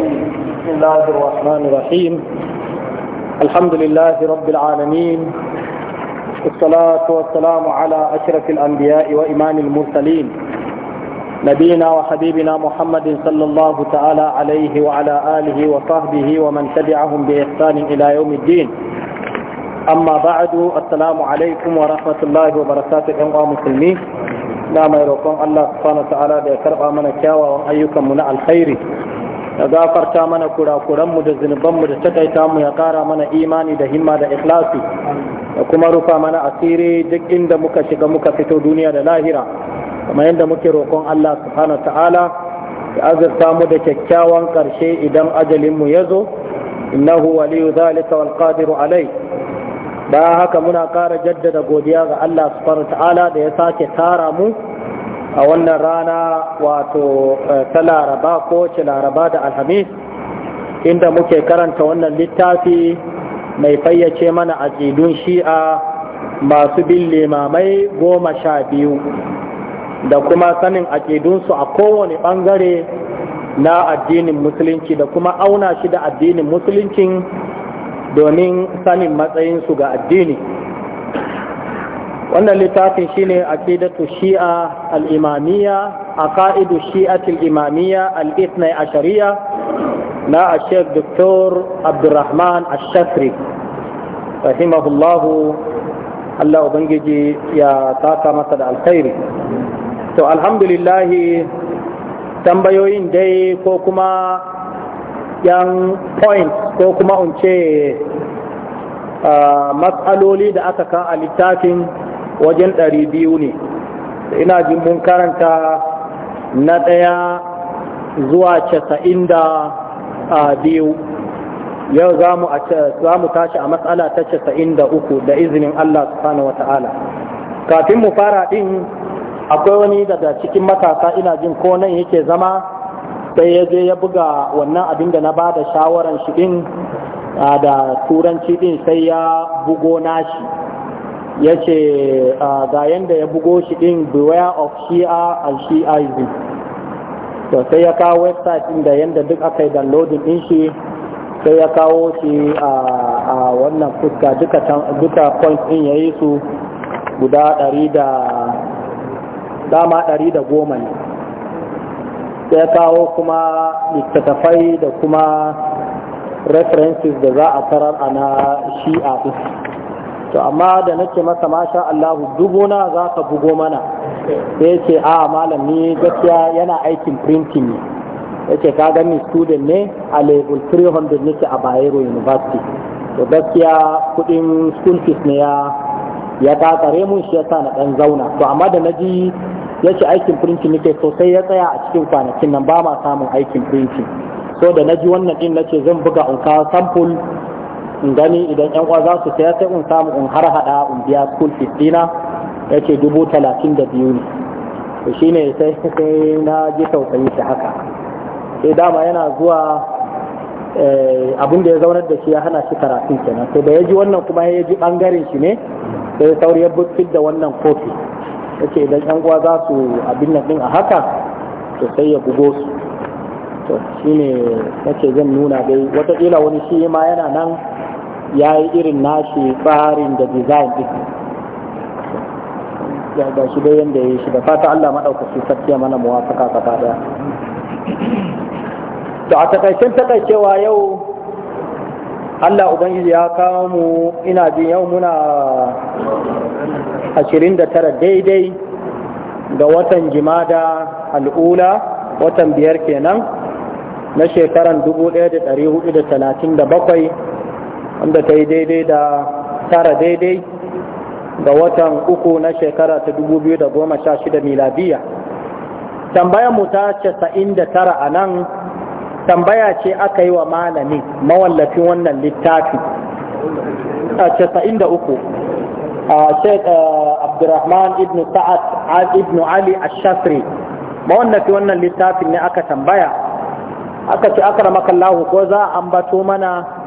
بسم الله الرحمن الرحيم الحمد لله رب العالمين والصلاة والسلام على أشرف الأنبياء وإمام المرسلين نبينا وحبيبنا محمد صلى الله تعالى عليه وعلى آله وصحبه ومن تبعهم بإحسان إلى يوم الدين أما بعد السلام عليكم ورحمة الله وبركاته أيها المسلمين نعم يا roƙon الله سبحانه وتعالى da ya karɓa mana الخير ya gafarta mana kurakuranmu da zunubanmu da takaita mu ya kara mana imani da himma da ikhlasi da kuma rufa mana asiri duk inda muka shiga muka fito duniya da lahira kamar yadda muke roƙon Allah subhanahu ta'ala ya azurta mu da kyakkyawan ƙarshe idan ajalinmu ya zo innahu waliyu zalika wal qadiru alai ba haka muna ƙara jaddada godiya ga Allah subhanahu ta'ala da ya sake tara mu a wannan rana wato eh, ta laraba ko ce laraba da alhamis inda muke karanta wannan littafi mai fayyace mana aƙidun shi'a masu bin limamai goma sha biyu da kuma sanin aƙidunsu a kowane ɓangare na addinin musulunci da kuma auna shi da addinin musulunci domin sanin matsayinsu ga addini. wannan littafin shine aqidatu shi'a al-imamiyya aqaidu shi'ati al-imamiyya al a ashariya na shek doktor abdurrahman ash-shafri rahimahullahu Allah ubangiji ya taka masa da alkhairi to alhamdulillah tambayoyin dai ko kuma yan point ko kuma unce ah, matsaloli da aka kan a littafin wajen ɗari biyu ne ina jin mun karanta na ɗaya zuwa casa'in da biyu yau za mu tashi a matsala ta casa'in da uku da izinin Allah subhanahu wa ta'ala kafin mu fara ɗin akwai wani daga cikin matasa ina jin ko nan yake zama sai ya je ya buga wannan abin da na ba da shawaran shi ɗin da turanci ɗin sai ya bugo nashi ya ce ah, ga yadda ya bugo shi din beware of shia and shiaism to sai ya kawo website din da yadda duk aka yi downloading din shi sai ya kawo shi a wannan fuska duka point din ya yi su guda ɗari da dama ɗari da goma ne sai ya kawo kuma littattafai da kuma references da za a tarar a na shi'a to amma da nake masa masha Allahu dubuna za ka bugo mana sai ce a ah, malam ni gaskiya yana aikin printing ne ce ka gani student ne a level 300 nake a Bayero University to gaskiya kudin school fees ne ya ya mun shi yasa na dan zauna to amma da naji yake aikin printing nake so sai ya tsaya a cikin kwanakin nan ba ma samun aikin printing so da naji wannan din nace zan buga in sample in gani idan yan uwa za su saya sai in samu in har hada in biya school fees dina dubu talatin da biyu ne to shine sai sai na ji tausayi shi haka sai dama yana zuwa eh, abin da ya zaunar da shi ya hana shi karatun kenan sai da ya ji wannan kuma ya ji bangaren shi ne sai sauri ya bukfil da wannan kofi yace idan yan uwa za su abin nan din a haka to sai ya gugo. su to shine nake zan nuna dai wataƙila wani shi ma yana nan ya yi irin nashi tsarin da design din da shi da yadda ya yi shi da fata Allah su sarki mana muwafaka gaba daya to a takaicen takaicewa yau Allah Ubangiji ya kawo mu ina jin yau muna ashirin da tara daidai ga watan jimada al'ula watan biyar kenan na shekaran 1437 wanda ta yi daidai da tara daidai ga watan uku na shekara ta 2016 miladiya tambayar mu ta 99 a nan tambaya ce aka yi wa malami mawallafin wannan littafi a 93 a sheik eh, abdurrahman ibn sa'ad ibn ali ash-shafri mawallafin wannan littafin ne aka tambaya aka ce aka ramakallahu ko za a ambato mana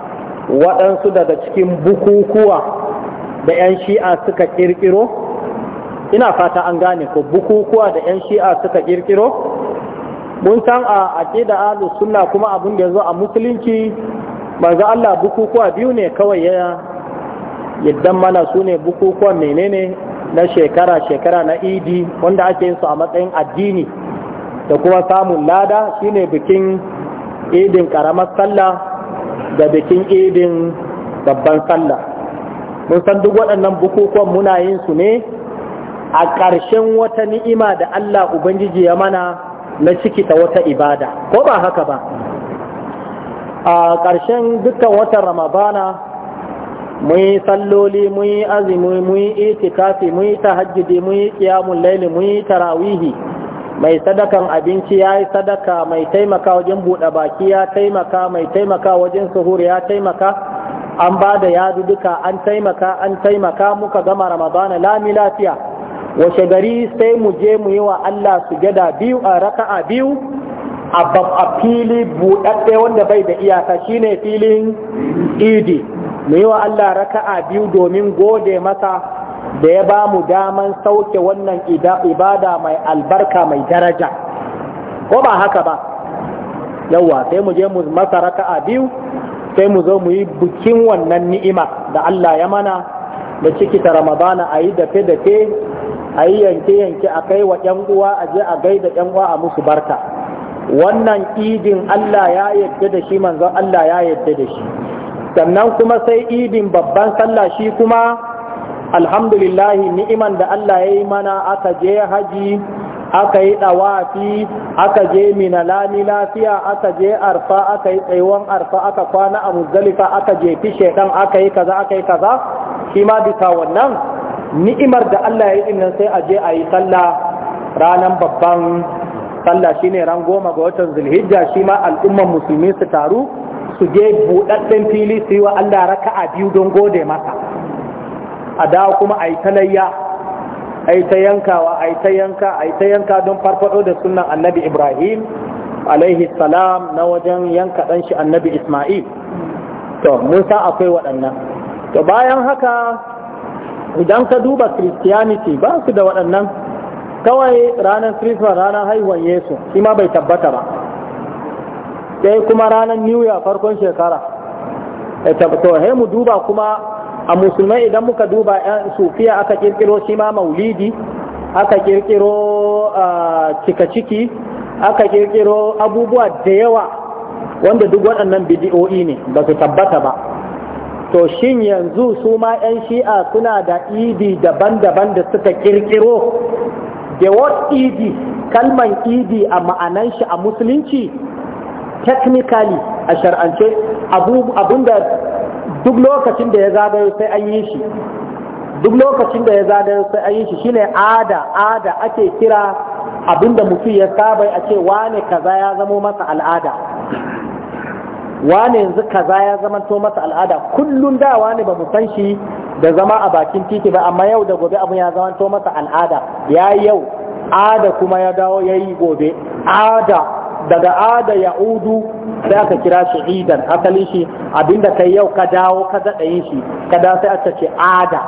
waɗansu daga cikin bukukuwa da 'yan shi'a suka ƙirƙiro ina fata an gane ko bukukuwa da 'yan shi'a suka ƙirƙiro mun san a aƙida alu sunna kuma abin da ya zo a musulunci manzo Allah bukukuwa biyu ne kawai ya yaddan mana su ne bukukuwan menene na shekara-shekara na idi wanda ake yin su a matsayin addini da kuma samun lada shine bikin idin ƙaramar sallah da bikin idin babban sallah mun san duk waɗannan bukukuwan muna yin su ne a ƙarshen wata ni'ima da Allah Ubangiji ya mana na ciki ta wata ibada ko ba haka ba a ƙarshen dukkan watan ramadana mun yi salloli mun yi azumi mun yi itikafi mun yi tahajjudi mun yi qiyamul layli mun yi tarawihi mai sadakan abinci ya yi sadaka mai taimaka wajen buɗe baki ya taimaka mai taimaka wajen suhur ya taimaka an ba da yadu duka an taimaka an taimaka muka gama ramadana lami lafiya washe gari sai mu je mu yi wa Allah su gada biyu a raka'a biyu a fili buɗaɗɗe wanda bai da iyaka shine filin idi mu yi wa Allah raka'a biyu domin gode masa da ya ba mu daman sauke wannan ibada mai albarka mai daraja ko ba haka ba yawa sai mu je mu masa raka'a biyu sai mu zo mu yi bikin wannan ni'ima da Allah ya mana da ciki ta ramadana a yi dafe dafe a yi yanke yanke a kai wa yan uwa a je a gaida yan uwa a musu barka wannan idin Allah ya yadda da shi manzon Allah ya yadda da shi sannan kuma sai idin babban sallah shi kuma alhamdulillah ni'iman da Allah ya yi mana aka je haji aka yi ɗawafi aka je minalami lafiya aka je arfa aka yi tsayuwan arfa aka kwana a muzdalifa aka jefi shaidan aka yi kaza aka yi kaza shi ma bisa wannan ni'imar da Allah ya yi nan sai a je a yi sallah ranar babban sallah shine ran goma ga watan zulhijja shi ma al'umman musulmi su taru su je buɗaɗɗen fili su yi wa Allah raka'a biyu don gode masa a da kuma a yi talayya a yi ta yankawa a yi ta yanka a yi ta yanka don farfado da sunan annabi ibrahim alaihi salam na wajen yanka ɗan shi annabi isma'il to Musa akwai waɗannan to bayan haka idan ka duba christianity ba su da waɗannan kawai ranar christmas ranar haihuwan yesu shi ma bai tabbata ba sai kuma ranar new year farkon shekara eh, to he mu duba kuma a musulmai idan muka duba yan sufiya aka ƙirƙiro shi ma maulidi aka kirkiro cika ciki aka kirkiro abubuwa da yawa wanda duk waɗannan bidiyo'i ne ba su tabbata ba to shin yanzu su ma 'yan shi'a suna da idi daban-daban da suka ƙirƙiro, da word idi kalman idi a ma'anan shi a musulunci technically a shar'ance abinda duk lokacin da ya zagayo sai an yi shi duk lokacin da ya zagayo sai an yi shi shine ada ada ake kira abinda mutum ya saba a ce wane kaza ya zamo masa al'ada wane yanzu kaza ya zamanto masa al'ada kullun da wane ba mu san shi da zama a bakin titi ba amma yau da gobe abin ya zamanto masa al'ada ya yau ada kuma ya dawo ya yi gobe ada daga ada ya udu sai aka kira shi idan asalin shi abinda kai yau ka dawo ka daɗa yin shi ka sai aka ce ada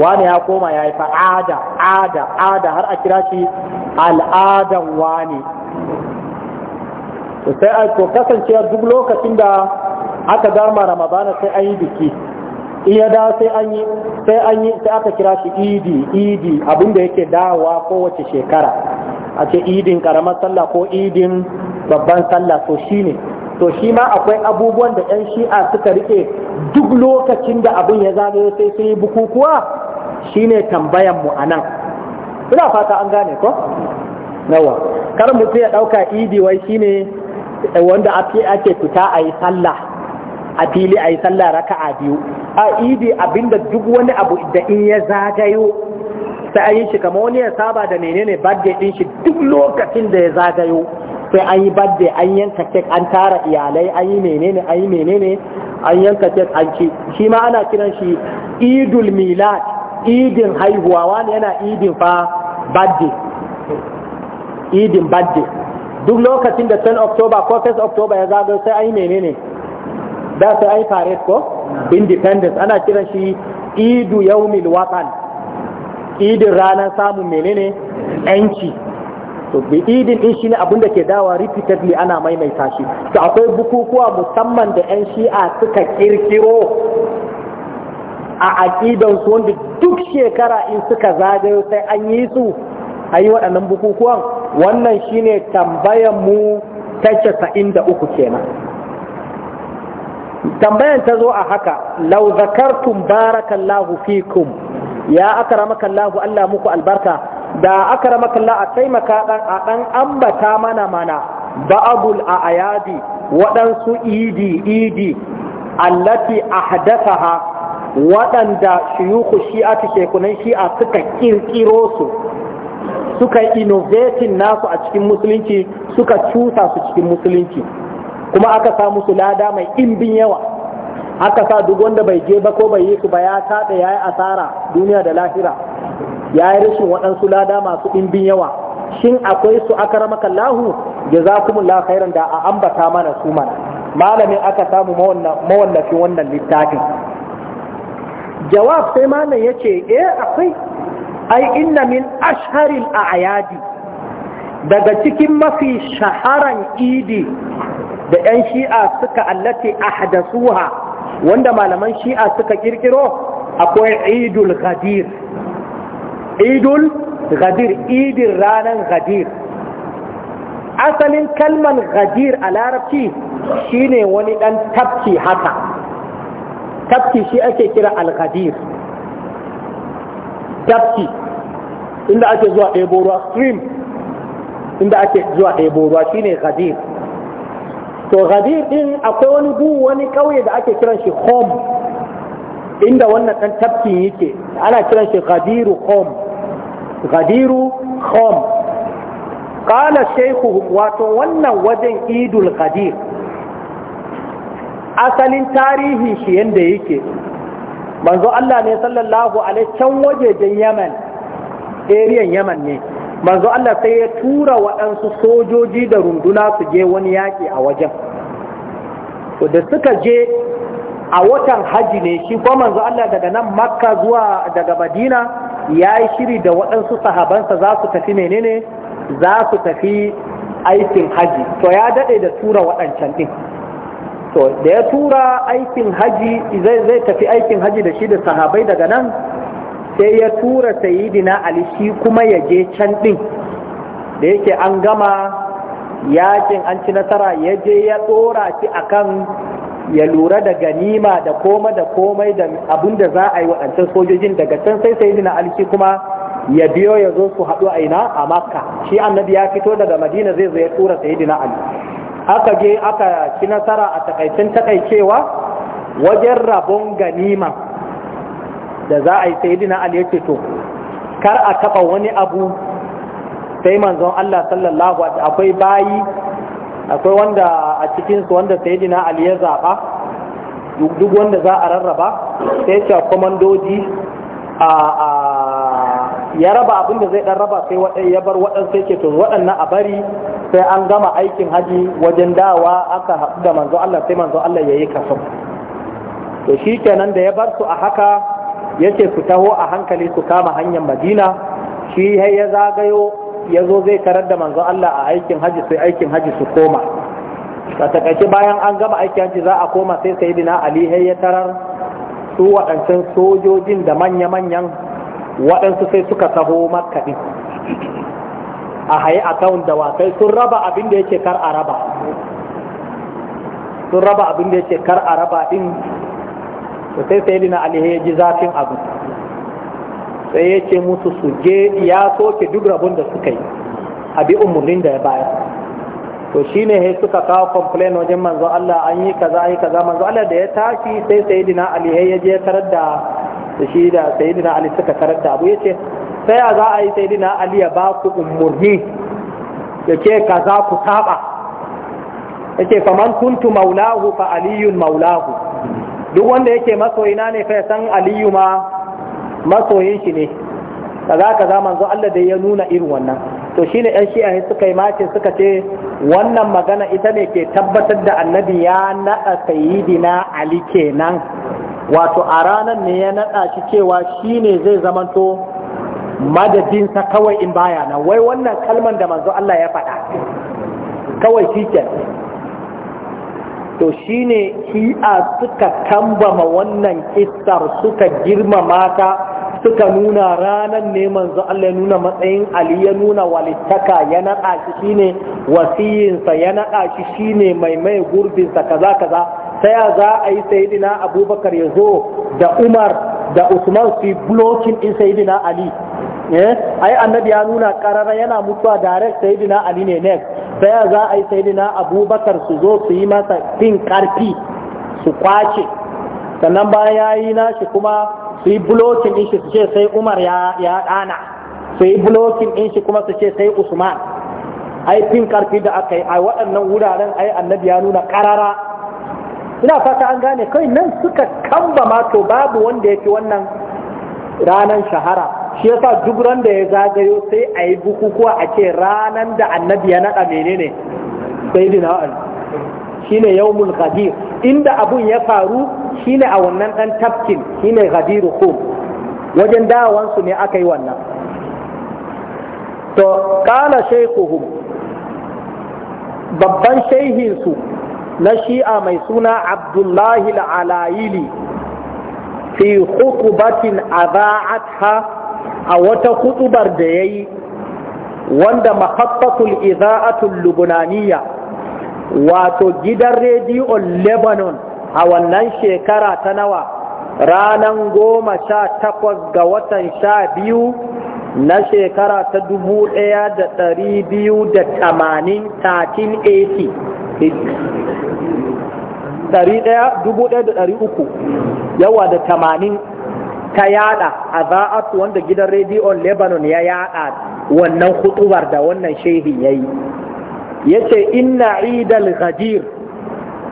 wani ya koma ya yi fa ada ada ada har a kira shi al'adan wani sai a to kasancewa duk lokacin da aka gama ramadana sai an yi biki iya da sai an yi sai an yi sai aka kira shi idi idi abinda yake dawowa kowace shekara a ce idin karamar sallah ko idin babban sallah to shi ne to shi ma akwai abubuwan da 'yan shi'a suka rike duk lokacin da abin ya zagayo sai sun yi bukukuwa shine tambayan mu a nan ina fata an gane ko nawa karin mutu ya ɗauka idi wai shine eh, wanda ake fita a yi sallah a fili a yi sallah raka a biyu a idi abinda duk wani abu da in ya zagayo sai an yi shi kamar wani ya saba da menene birthday din shi duk lokacin da ya zagayo sai an yi birthday an yanka kek an tara iyalai an yi menene an yi menene an yanka kek an ci shi ma ana kiran shi idul milad idin haihuwa wani yana idin fa birthday idin birthday duk lokacin da 10 october ko 1 october ya zagayo sai an yi menene da sai an yi parade ko independence ana kiran shi idu yaumil watan idin ranar samun menene yanci to bi idin din shine abin da ke dawa repeatedly ana maimaita shi to akwai bukukuwa musamman da yan shi'a suka kirkiro a aqidan su wanda duk shekara in suka zagayo sai an yi su ayi waɗannan bukukuwan wannan shine tambayan mu ta 93 kenan tambayan ta zo a haka lau zakartum barakallahu fikum ya maka Allah Allah muku albarka da akramaka Allah a taimaka dan a dan ambata mana mana ba'dul ayadi waɗansu idi idi allati ahdathaha waɗanda shuyukhu shi'ati shekunan shi'a suka kirkiro su suka innovating nasu a cikin musulunci suka cusa su cikin musulunci kuma aka samu su lada mai imbin yawa haka sa duk wanda bai je ba ko bai yi su ba ya taɗa ya yi asara duniya da lahira ya yi rashin waɗansu lada masu ɗimbin yawa shin akwai su aka rama kallahu jazakumullahu khairan da a ambata mana su mana malamin aka samu mawallafin wannan littafin jawab sai malam ya ce eh akwai ai inna min asharil a'yadi daga cikin mafi shaharan idi da 'yan shi'a suka allati ahdasuha wanda malaman shi'a suka kirkiro akwai idul ghadir idul ghadir idin ranar ghadir asalin kalman ghadir a larabci shine wani dan tafki haka tafki shi ake kira al-ghadir tafki inda ake zuwa ɗebo ruwa stream inda ake zuwa ɗebo ruwa shine ghadir to ghadir din akwai wani gu wani kauye da ake kiran shi hom inda wannan dan tafkin yake ana kiran shi ghadiru hom ghadiru hom kala shehu wato wannan wajen idul ghadir asalin tarihi shi yanda yake manzo Allah ne sallallahu alaihi can wajejen Yaman eriyan Yaman ne manzo Allah sai ya tura waɗansu sojoji da runduna su je wani yaƙi a wajen to da suka je a watan haji ne shi ko manzo Allah daga nan makka zuwa daga madina ya yi shiri da waɗansu sahabansa za su tafi menene za su tafi aikin haji to ya daɗe da tura waɗancan ɗin to da ya tura aikin haji zai tafi aikin haji da shi da sahabai daga nan sai ya tura sayidina ali shi kuma ya je can ɗin da yake an gama yakin an ci nasara ya je ya tsora shi akan ya lura da ganima da koma da komai da abin da za a yi waɗancan sojojin daga can sai sayidina ali shi kuma ya biyo ya zo su haɗu a ina a makka shi annabi ya fito daga madina zai zo ya tura sayidina ali aka je aka ci nasara a takaicin takaicewa wajen rabon ganima da za a yi sayidina ali ya ce to kar a taba wani abu sai manzon Allah sallallahu alaihi akwai bayi akwai wanda a cikin su wanda sayidina ali ya zaba duk wanda za a rarraba sai ce komandoji a ya raba abin da zai dan raba sai ya bar waɗansu sai ce to waɗannan a bari sai an gama aikin haji wajen dawa aka haɗu da manzo Allah sai manzo Allah ya yi to shi kenan da ya bar su a haka yace ku taho a hankali ku kama hanyar madina shi ya zagayo ya zo zai tarar da manzon Allah a aikin haji sai aikin haji su koma a takaice bayan an gama aikin haji za a koma sai sayyidina ali ya tarar su waɗancan sojojin da manya-manyan waɗansu sai suka taho makaɗi a haye a kawun dawakai sun raba abin da yake kar a raba sun raba abin da yake kar a raba to sai dina ali ya ji zafin abu sai ya ce musu su je ya soke duk rabon da suka yi a bi umarnin da ya bayar to shine he suka kawo complain wajen manzo Allah an yi kaza yi kaza manzo Allah da ya tashi sai sayyidina ali ya je tarar da shi da sayyidina ali suka tarar da abu yace sai ya za a yi sayyidina ali ya ba ku umarni ya ce kaza ku saba yace kaman kuntu maulahu fa aliyun maulahu duk wanda yake masoyina ne fa san aliyu ma masoyin shi ne kaza kaza manzo Allah da ya nuna irin wannan to shine yan shi'a suka yi mace suka ce wannan magana ita ne ke tabbatar da annabi ya naɗa sayyidina ali kenan wato a ranar ne ya naɗa shi cewa shine zai zamanto madadinsa kawai in baya na, wai wannan kalman da manzo Allah ya faɗa kawai shi to shi ne shi'a suka tambama wannan kistar suka girmama ta suka nuna ranar neman manzo Allah ya nuna matsayin Ali ya nuna walittaka ya naɗa shi ne, wasiyinsa ya naɗa shi ne mai mai gurbinsa kaza kaza ta ya za a yi sayidina abubakar ya zo da umar da usman su yi blokin in sayidina ali eh? ai annabi ya nuna karara yana mutuwa direct sayidina ali ne next sai za a yi na abubakar su zo su yi masa fin karfi su kwace sannan bayan ya yi nashi kuma su yi bulokin ɗin su ce sai umar ya ɗana su yi bulokin ɗin kuma su ce sai usman ai fin karfi da aka yi a waɗannan wuraren ai annabi ya nuna karara ina fata an gane kai nan suka kamba ma to babu wanda ya fi wannan ranar shahara shi yasa duk ran da ya zagayo sai a yi bukukuwa a ce ranan da annabi ya naɗa menene sai dina shine yawmul ghadir inda abun ya faru shine a wannan dan tafkin shine ghadiru ko wajen dawansu ne aka yi wannan to kala shaykhuhum babban shaihinsu na shi'a mai suna abdullahi al'alayili fi hukubatin aza'atha a wata hutubar da ya yi wanda mahaffatul iza'atul lubunaniya wato gidan rediyon lebanon a wannan shekara ta nawa ranar goma sha takwas ga watan sha biyu na shekara ta dubu ɗaya da ɗari biyu da tamanin 1380 ɗari dubu ɗaya da ɗari uku yawa da tamanin ta yada a za'atu wanda gidan rediyon lebanon ya yada wannan hutubar da wannan shehi ya yi ya ce inna idal gajir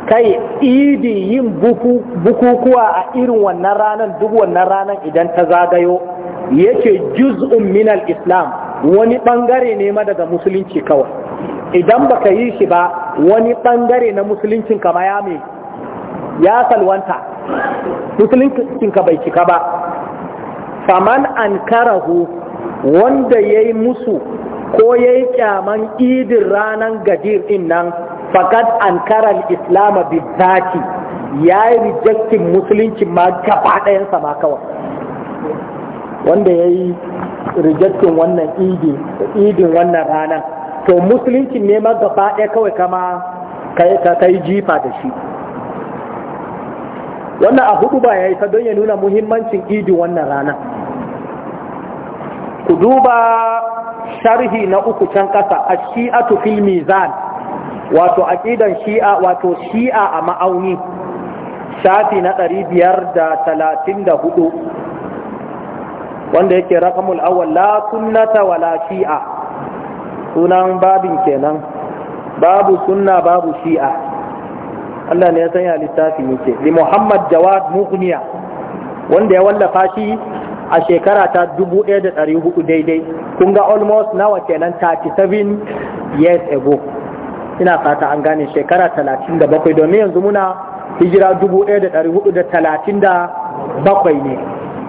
kai idi yin bukukuwa a irin wannan ranar duk wannan ranar idan ta zagayo ya ce juz'un minal islam wani bangare ne ma daga musulunci kawai idan baka yi shi ba wani bangare na musulunci kama ya mai ya salwanta musuluncinka bai cika ba faman an karahu wanda ya yi musu ko ya yi kyaman idin ranar gadir din nan fakat an karar islama zaki ya yi rejectin musulunci ma gaba ɗayansa ma kawai wanda ya yi rejectin wannan idin wannan ranar to musulunci ne ma gaba ɗaya kawai kama ka yi jifa da shi wannan a hudu ba ya yi don ya nuna muhimmancin idi wannan rana ku duba sharhi na uku can kasa a shi'atu fil mizan wato aƙidan shi'a wato shi'a a ma'auni shafi na ɗari biyar da talatin da hudu wanda yake rakamul awwal la sunnata wala shi'a sunan babin kenan babu sunna babu shi'a Allah ne ya sanya littafi yake li Muhammad Jawad Mughniya wanda ya wallafa shi a shekara ta 1400 daidai kun ga almost nawa kenan 37 years ago ina fata an gane shekara 37 domin yanzu muna hijira 1437 ne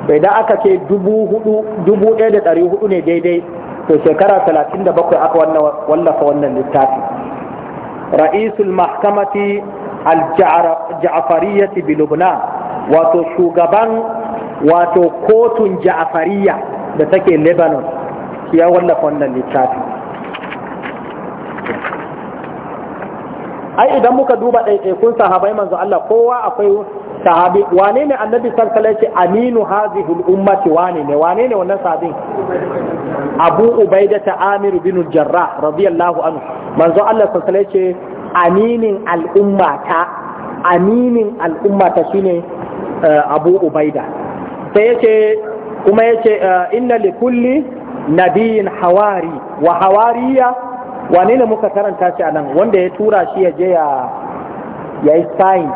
bai da aka ce 1400 ne daidai to shekara 37 aka wallafa wannan littafi ra'isul mahkamati al-ja'afariyyati bi Lubnan wato shugaban wato kotun ja'afariya da take Lebanon ya wallafa wannan littafi ai idan muka duba ɗaiɗaikun sahabai manzo Allah kowa akwai sahabi wane ne annabi sallallahu ce aminu hazihul ummati wane ne wane ne wannan sahabin abu Ubaidah ta amiru bin jarrah radiyallahu anhu manzo Allah sallallahu ce aminin al'ummata aminin al'ummata shine eh, abu ubaida sai yace kuma yace eh, inna li kulli nabiyin hawari wa hawariya wane ne muka karanta shi anan wanda ya tura shi ya je ya yi sa'in?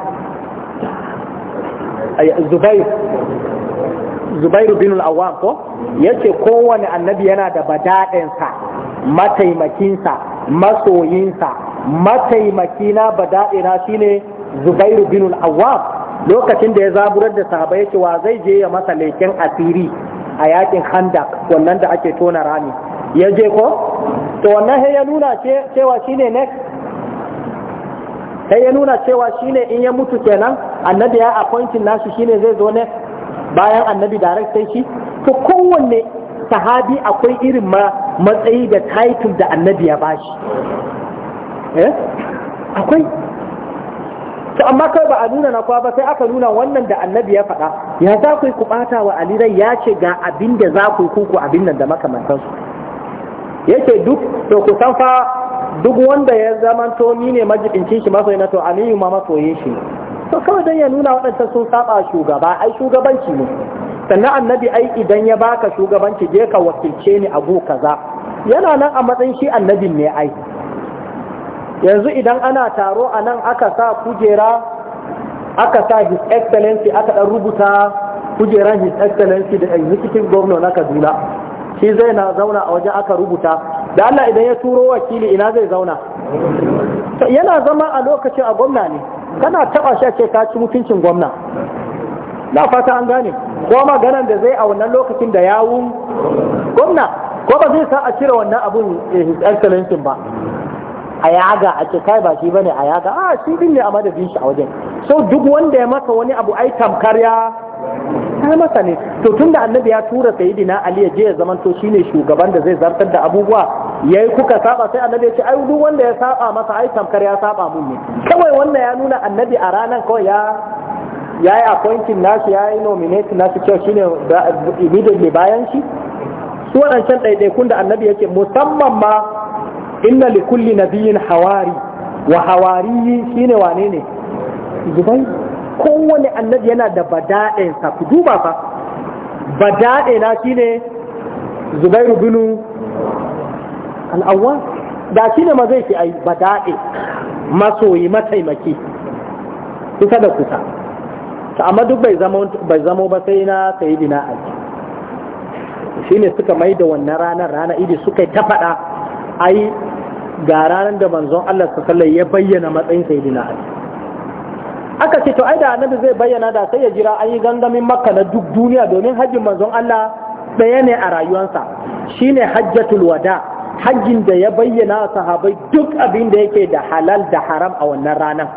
zubairu bin awwam ko yace kowane annabi yana da badaɗinsa mataimakinsa masoyinsa mataimakina bada'ina shine zubairu bin al lokacin da ya zaburar da sahabai yake wa zai je ya masa leken asiri a yakin handak wannan da ake tona rami ya je ko to wannan ya nuna cewa shine next sai ya nuna cewa shine in ya mutu kenan annabi ya appointin nashi shine zai zo ne bayan annabi direct sai shi to kowanne sahabi akwai irin ma matsayi da title da annabi ya bashi eh akwai to amma kai ba a nuna na kwa ba sai aka nuna wannan da annabi ya faɗa ya za ku yi ku ɓata wa alirai ya ce ga abin da za ku yi kuku abin nan da makamantansu yake duk to ku san fa duk wanda ya zamanto ni ne majibincin shi masoyi na to aliyu ma masoyin shi to kawai dan ya nuna waɗanda sun saba shugaba ai shugabanci ne sannan annabi ai idan ya baka shugabanci je ka wakilce ni a kaza yana nan a matsayin shi annabin ne ai yanzu idan ana taro a nan aka sa kujera aka sa his excellency aka ɗan rubuta kujeran his excellency da executive governor na kaduna shi zai na zauna a waje aka rubuta da allah idan ya turo wakili ina zai zauna yana zama a lokacin a gwamna ne kana taɓa shi ce ka ci mutuncin gwamna na fata an gane ko maganan da zai a wannan lokacin da yawun gwamna ko ba zai sa a cire wannan abun eh, his excellency ba a yaga a ce kai ba shi bane a yaga a ah, shi din ne a madadin shi a wajen so duk wanda ya masa wani abu ai tamkar ya ta masa ne to tunda annabi ya tura sayyidina ali ya je ya zaman to shine shugaban da zai zartar da abubuwa yayi kuka saba sai annabi ya ce ai duk wanda ya saba masa ai tamkar ya saba mun ne kawai wannan ya nuna annabi a ranan kawai ya ya yi appointing nashi ya yi nominate nashi kyau shine immediately bayan shi su waɗancan ɗaiɗaikun da annabi yake musamman ma inna li kulli nabiyyin hawari wa hawari shine wane ne zubai kowane annabi yana da bada'in sa ku duba fa bada'e na shine zubairu bin al-awwal da shine ma zai ki ai bada'e masoyi mataimaki kusa da kusa ta amma duk bai zama bai zama ba sai na sayyidina ali shine suka mai da wannan ranar rana idi suka ta faɗa ai ga ranar da manzon Allah su kalla ya bayyana matsayin sayyidina Ali aka ce to ai da annabi zai bayyana da sai ya jira an yi gangamin makka na duk duniya domin hajjin manzon Allah ɗaya ne a rayuwarsa shine hajjatul wada hajjin da ya bayyana sahabai duk abin da yake da halal da haram a wannan ranar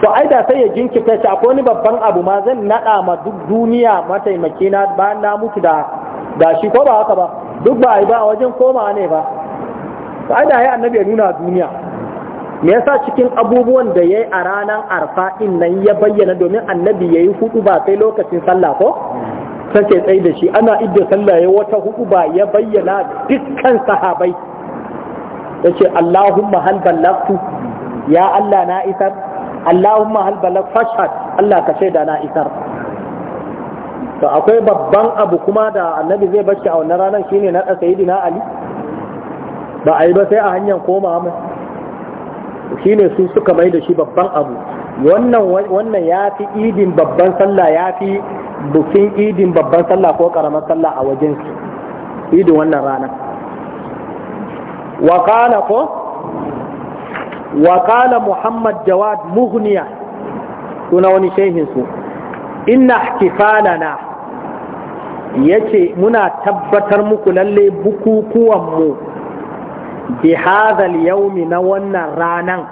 to ai da sai ya jinkirta shi akwai wani babban abu ma zan naɗa ma duk duniya mataimaki na bayan na mutu da shi ko ba haka ba duk ba a yi ba a wajen koma ne ba ba da ya annabi ya nuna duniya me yasa cikin abubuwan da ya yi a ranar arfa din nan ya bayyana domin annabi ya yi hudu ba sai lokacin sallah ko sace tsaye da shi ana idda sallah ya wata hudu ba ya bayyana dukkan sahabai ya ce Allahumma hal ballagtu ya Allah na isar Allahumma hal ballag fashad Allah ka shaida na isar to akwai babban abu kuma da annabi zai bashi a wannan ranar shine na sayyidina Ali ba a yi ba sai a hanyar koma mai shi ne su suka mai da shi babban abu wannan ya fi idin babban sallah ya fi bukin idin babban sallah ko karamar sallah a wajen su idin wannan rana wakala ko muhammad jawad muhniya suna wani shehinsu inna kifalana ya ce muna tabbatar muku lalle bukukuwanmu bi hadhal yaumi na wannan ranan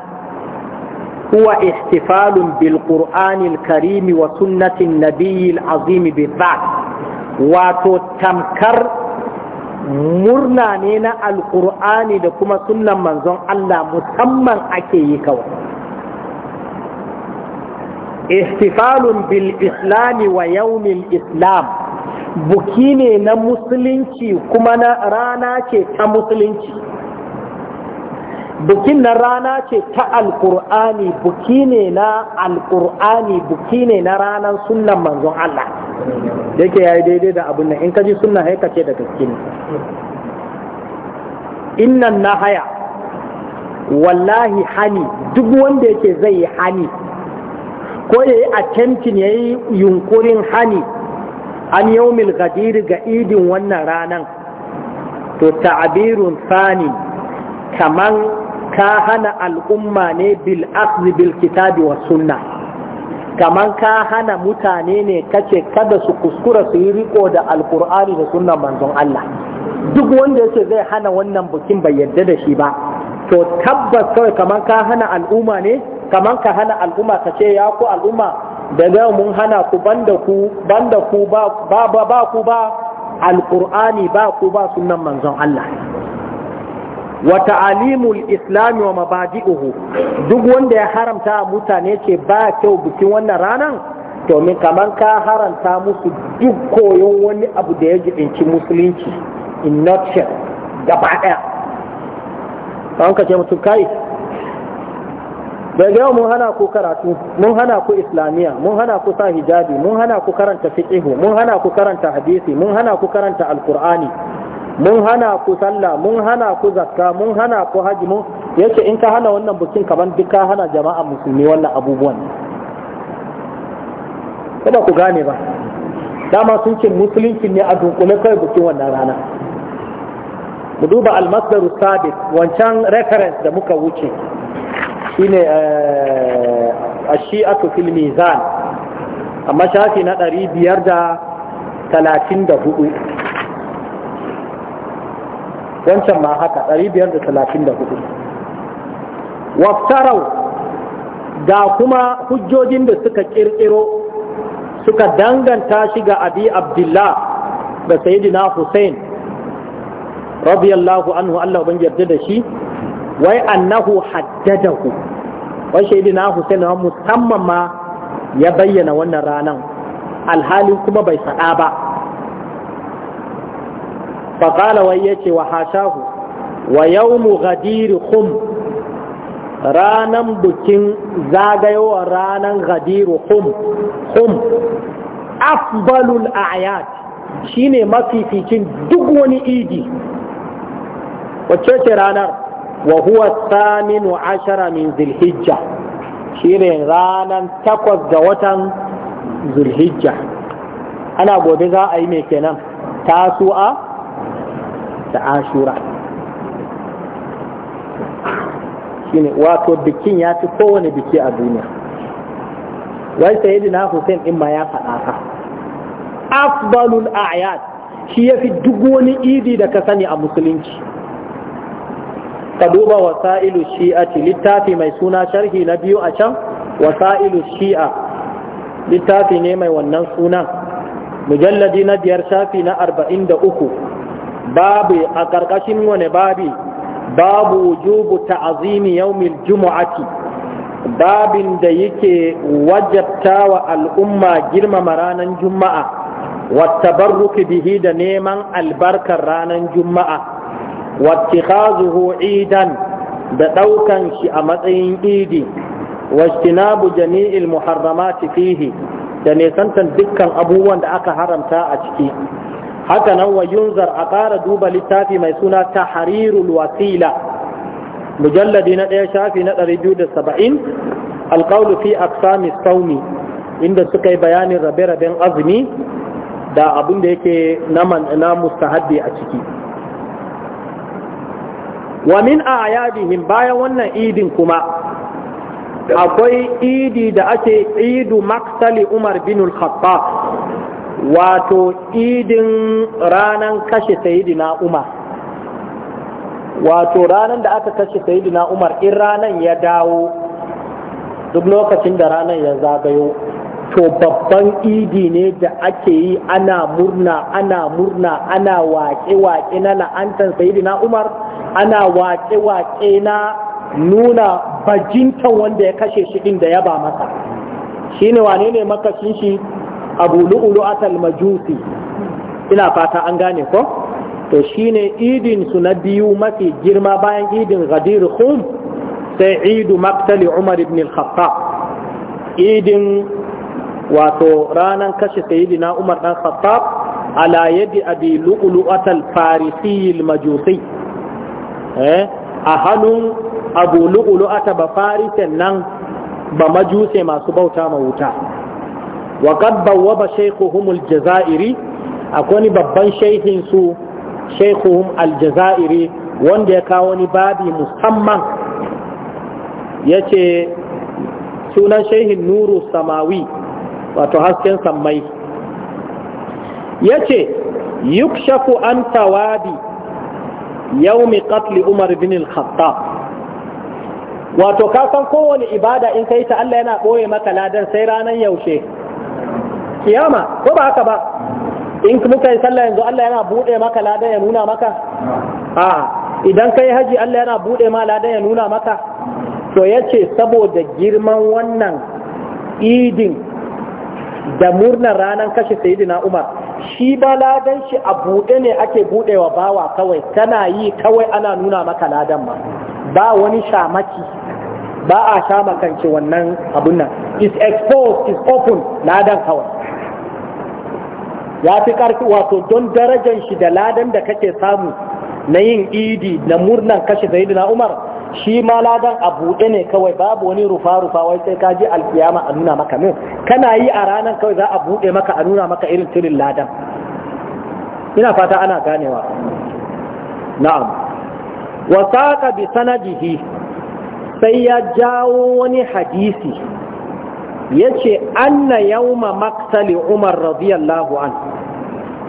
huwa ihtifalun bil qur'anil karimi wa sunnatin nabiyil azimi bi wato tamkar murna ne na alkur'ani da kuma sunnan manzon Allah musamman ake yi kawai ihtifalun bil islami wa yaumil islam buki ne na musulunci kuma na rana ce ta musulunci bukin na rana ce ta alkur'ani buki ne na alkur'ani buki ne na ranar sunan manzon Allah da yake yayi daidai da abun nan in ka ji sunna haika ce da gaske ne innan na haya wallahi hani duk wanda yake zai yi hani ko ya yi attempting ya yi yunkurin hani an yaumil gadiri ga idin wannan ranan to ta'abirun fani kaman ka hana al'umma ne bil akhzi bil kitabi wa sunna kaman ka hana mutane ne kace kada su kuskura su yi riko da alkur'ani da sunnan manzon Allah duk wanda yake zai hana wannan bukin bai yarda da shi ba to tabbas kawai kaman ka hana al'umma ne kaman ka hana al'umma ka ya ku al'umma da zai mun hana ku banda ku banda ku ba ba ba ku ba alkur'ani ba ku ba sunnan manzon Allah wa ta'alimul islam wa mabadi'uhu duk wanda ya haramta mutane ce ba kyau bikin wannan ranan to min kaman ka haramta musu duk koyon wani abu da ya jibinci musulunci in nutshell gaba daya an ka ce mutum kai daga yau mun hana ku karatu mun hana ku islamiya mun hana ku sa hijabi mun hana ku karanta fiqhu mun hana ku karanta hadisi mun hana ku karanta alqur'ani mun hana ku sallah mun hana ku zakka mun hana ku haji mun yace in ka hana wannan bukin kaman duk ka hana jama'a musulmi wannan abubuwan kuma ku gane ba dama sun ce musulunci ne a dunkule kai bukin wannan rana mu duba almasaru sabit wancan reference da muka wuce shine eh, a shi'atu fil mizan amma shafi na 534 wancan ma haka 534 waftarau ga kuma hujjojin da suka kirkiro suka danganta shi ga abi abdullah da sayyidina hussein radiyallahu anhu Allah ban yarda da shi wai annahu haddadahu wai sayyidina hussein musamman ma ya bayyana wannan ranan alhalin kuma bai faɗa ba faƙala wai yace wa hashahu wa yawmu ghadiri khum ranan bukin zagayowar ranan ghadiru khum khum afbalul a'yad shine mafificin duk wani idi wacce ce ranar wa huwa saminu ashara min zulhijja shine ranan takwas ga watan zulhijja ana gobe za a yi mai kenan tasu'a da ashura shine wato bikin ya fi kowane biki a duniya wai sayyidina Hussein din ma ya faɗa ka afdalul a'yad shi yafi duk wani idi da ka sani a musulunci ka duba wasa'ilu shi'ati littafi mai suna sharhi na biyu a can wasa'ilu shi'a littafi ne mai wannan sunan mujalladi na biyar shafi na arba'in da uku babu a ƙarƙashin wani babi babu wujubu ta'azimi yaumil jumu'ati babin da yake wajabta wa al'umma girmama ranar juma'a wata barruki bihi da neman albarkar ranar juma'a wata idan da ɗaukan shi a matsayin idi wastinabu jami'il muharramati fihi da nisantan dukkan abubuwan da aka haramta a ciki haka nan wa yunzar a ƙara duba littafi mai suna tahrirul wasila mujalladi na ɗaya shafi na ɗari biyu da saba'in alƙawlu fi aqsami saumi inda suka yi bayanin rabe-raben azumi da abin da yake na mustahabbi a ciki wa min ayadihim bayan wannan idin kuma akwai idi da ake idu maktali umar bin al-khattab wato idin ranan kashe sayidina umar wato ranan da aka kashe sayidina umar in ranan ya dawo duk lokacin da ranan ya zagayo to babban idi ne da ake yi ana murna ana murna ana waƙe-waƙe na la'antar sayidina umar ana waƙe-waƙe na nuna bajintan wanda ya kashe shi da ya ba masa shine wane ne makashin shi abu lu'lu'at majusi ina fata an gane ko to shine idin su na biyu mafi girma bayan idin ghadir khum sai idu maktali umar ibn al-khattab idin wato ranan kashe sayyidina umar dan khattab ala yadi abi lu'lu'at farisi al-majusi eh a hanun abu lu'lu'at ba farisen nan ba majuse masu bauta ma wuta wa qad bawwaba shaykhuhum al-jazairi akwai babban shaykhin su shaykhuhum al-jazairi wanda ya kawo ni babi musamman yace sunan shaykhin nuru samawi wato hasken sammai yace yukshafu an tawabi yaumi qatl umar bin al-khattab wato kasan san kowane ibada in kai ta Allah yana ɓoye maka ladan sai ranar yaushe kiyama ko ba haka ba in muka yi sallah yanzu Allah yana bude maka Ladan ya nuna maka a idan kai haji Allah yana bude ma Ladan ya nuna maka to yace saboda girman wannan idin da murnar ranar kashe sayidina Umar shi ba ladan shi a bude ne ake buɗewa bawa kawai kana yi kawai ana nuna maka ladan ma ba wani shamaki ba a shamakance wannan abun nan is exposed is open ladan kawai ya fi ƙarfi wato don darajan shi da ladan da kake samu na yin idi na murnan kashe Na umar shi ma ladan a buɗe ne kawai babu wani rufa rufa wai sai ka ji alkiyama a nuna maka min kana yi a ranar kawai za a buɗe maka a nuna maka irin tilin ladan ina fata ana ganewa na'am wa saqa bi sanadihi sai ya jawo wani hadisi yace anna yawma maktali umar radiyallahu an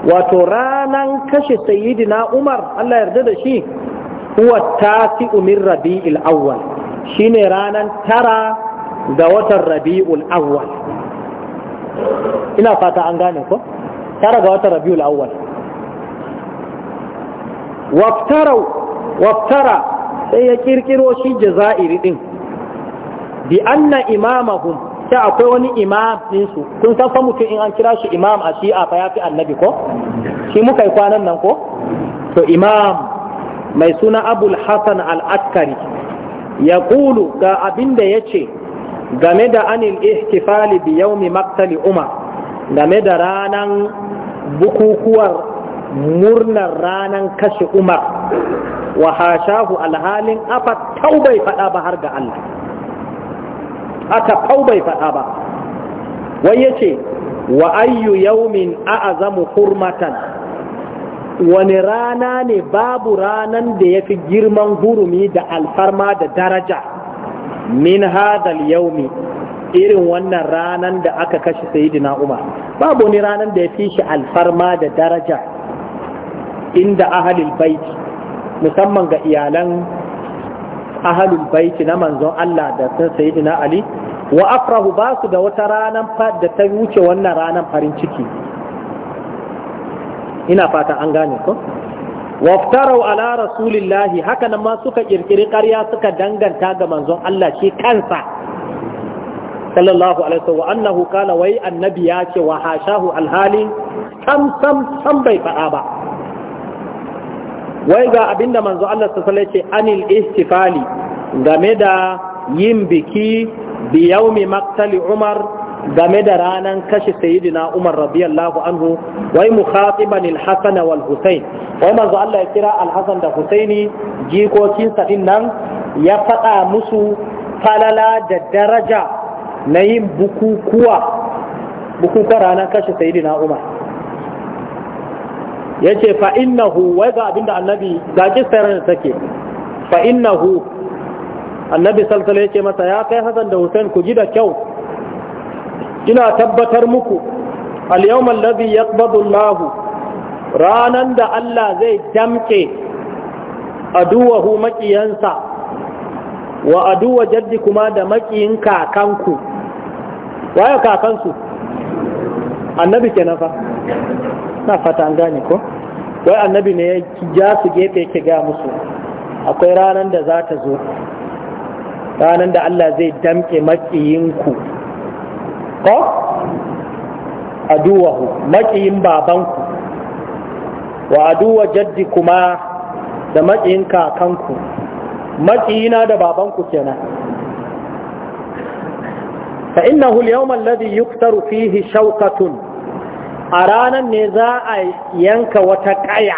wato ranan kashe sayyidina umar Allah yarda da shi huwa tasi'u min rabi'il awwal shine ranan tara ga watan rabi'ul awwal ina fata an gane ko tara ga watan rabi'ul awwal waftarau waftara sai ya kirkiro shi jaza'iri din bi anna imamahum Sai akwai wani imam ɗinsu kun san fa mutum in an kira shi imam a shi'a fa ya fi annabi ko shi muka yi kwanan nan ko to imam mai suna abul hasan al-askari ya kulu ga abin da ya ce game da anil ihtifali bi yaumi maktali umar game da ranan bukukuwar murnar ranan kashe umar wa hashahu alhalin afa taubai faɗa ba har ga Allah haka kau bai faɗa ba wai ya ce wa ayyu yaumin a'azamu hurmatan wani rana ne babu ranan da ya fi girman hurumi da alfarma da daraja min hadal yaumi irin wannan ranan da aka kashe sayidina umar babu wani ranan da ya fi shi alfarma da daraja inda ahalil baiti musamman ga iyalan ahalul baiti na manzon Allah da sun sayyidina Ali wa afrahu ba su da wata ranar da ta wuce wannan ranar farin ciki ina fata an gane ko waftarau ala rasulillahi haka nan ma suka kirkiri ƙarya suka danganta ga manzon Allah shi kansa sallallahu alaihi wa annahu kala wai annabi ya ce wa hashahu alhali sam sam sam bai faɗa ba wai ga abinda manzo Allah ta sallai ce anil istifali game da yin biki bi yaumi maktali Umar game da ranan kashe sayyidina Umar radiyallahu anhu wai mukhatiban al-Hasan wal Husain wai manzo Allah ya kira al-Hasan da Husaini jikokin sa nan ya faɗa musu falala da daraja na yin bukukuwa bukukuwa ranar kashe sayyidina Umar yace fa innahu wai ga abinda annabi ga kisaran take fa innahu annabi ya ce masa ya kai Hassan da Hussein ku ji da kyau ina tabbatar muku al yawm alladhi yaqbadu ranan da Allah zai damke aduwahu makiyansa wa aduwa jaddi kuma da makiyin kakanku waye kakansu annabi kenan fa na fata an gane ko wai annabi ne ya ja su gefe yake ga musu akwai ranar da za ta zo ranar da Allah zai damke makiyinku ko aduwahu maƙiyin babanku wa aduwa jaddi kuma da maƙiyin kakanku maƙiyina da babanku kenan fa innahu al-yawma alladhi yuktaru fihi shawqatun a ranar ne za a yanka wata kaya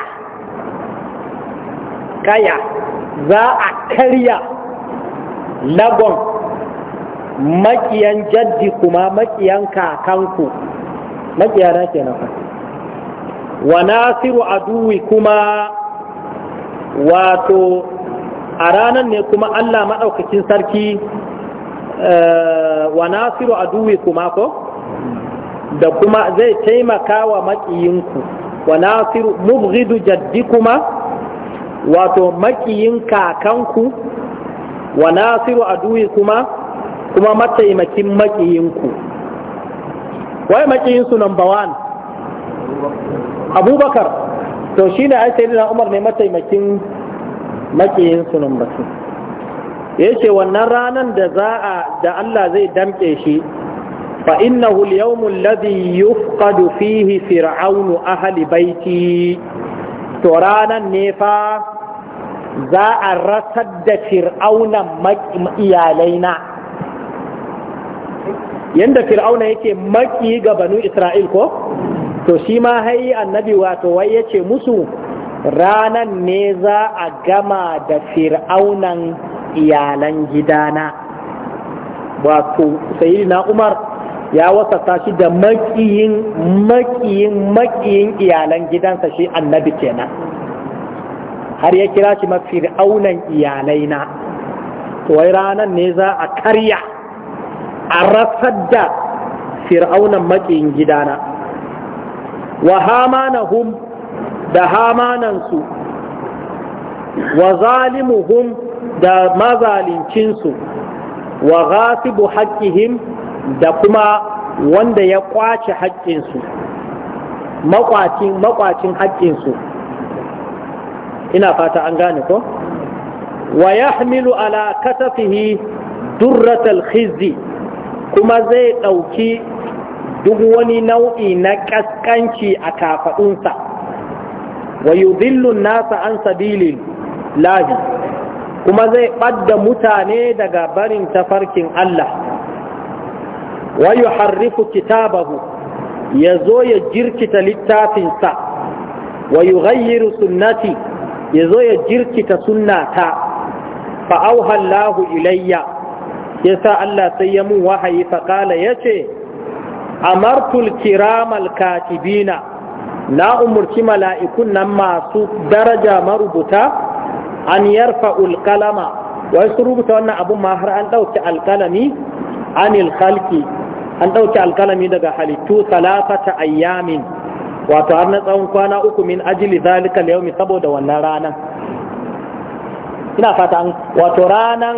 kaya za a karya lagon makiyan jaddi kuma makiyan kakanku makiyana ke nafa wa nasiru aduwi kuma wato a ranar ne kuma allah maɗaukakin sarki eh, wa nasiru aduwi kuma ko? da kuma zai taimaka wa maƙiyinku wa nasiru mubghidu jaddikuma wato maƙiyin kakanku wa nasiru aduyi kuma kuma mataimakin maƙiyinku wai su number one abubakar to shi ne aisha na umar ne mataimakin su number two ya ce wannan ranar da za a da Allah zai damke shi fa innahu al-yawm alladhi yufqadu fihi fir'aunu ahli baiti to ranan ne fa za a rasar da fir'auna iyalaina yadda fir'auna yake maki ga banu isra'il ko to shi ma hai annabi wato wai yace musu ranan ne za a gama da fir'aunan iyalan gidana wato na umar ya wasata shi da makiyin makiyin makiyin iyalan gidansa shi annabi kenan har ya kira shi aunan iyalaina to wai ranan ne za a karya a rasar da fir'aunan makiyin gidana wa hamanahum da hamanansu wa zalimuhum da mazalincinsu wa ghasibu haqqihim da kuma wanda ya kwace haƙƙinsu makwacin haƙƙinsu ina fata an gane ko wa yahmilu ala kasafihi durratal khizi kuma zai ɗauki duk wani nau'i na ƙasƙanci a kafaɗunsa wa yudhillun nasa an sabilin lahi kuma zai ɓadda mutane daga barin tafarkin Allah wa harrifu kitabahu ya zo ya jirkita littafinsa wa yughayyiru sunnati ya zo ya jirkita sunnata fa auha ilaiya ilayya yasa Allah sai ya mun wahayi fa kala yace amartul kiramal katibina na umarci mala'ikun nan masu daraja marubuta an yarfa'ul kalama wai su rubuta wannan abun ma har an ɗauki alkalami an khalqi an ɗauki alkalami daga halittu talafata ayyamin wato har na tsawon kwana uku min ajili zalika yaumi saboda wannan ranan ina fata wato ranan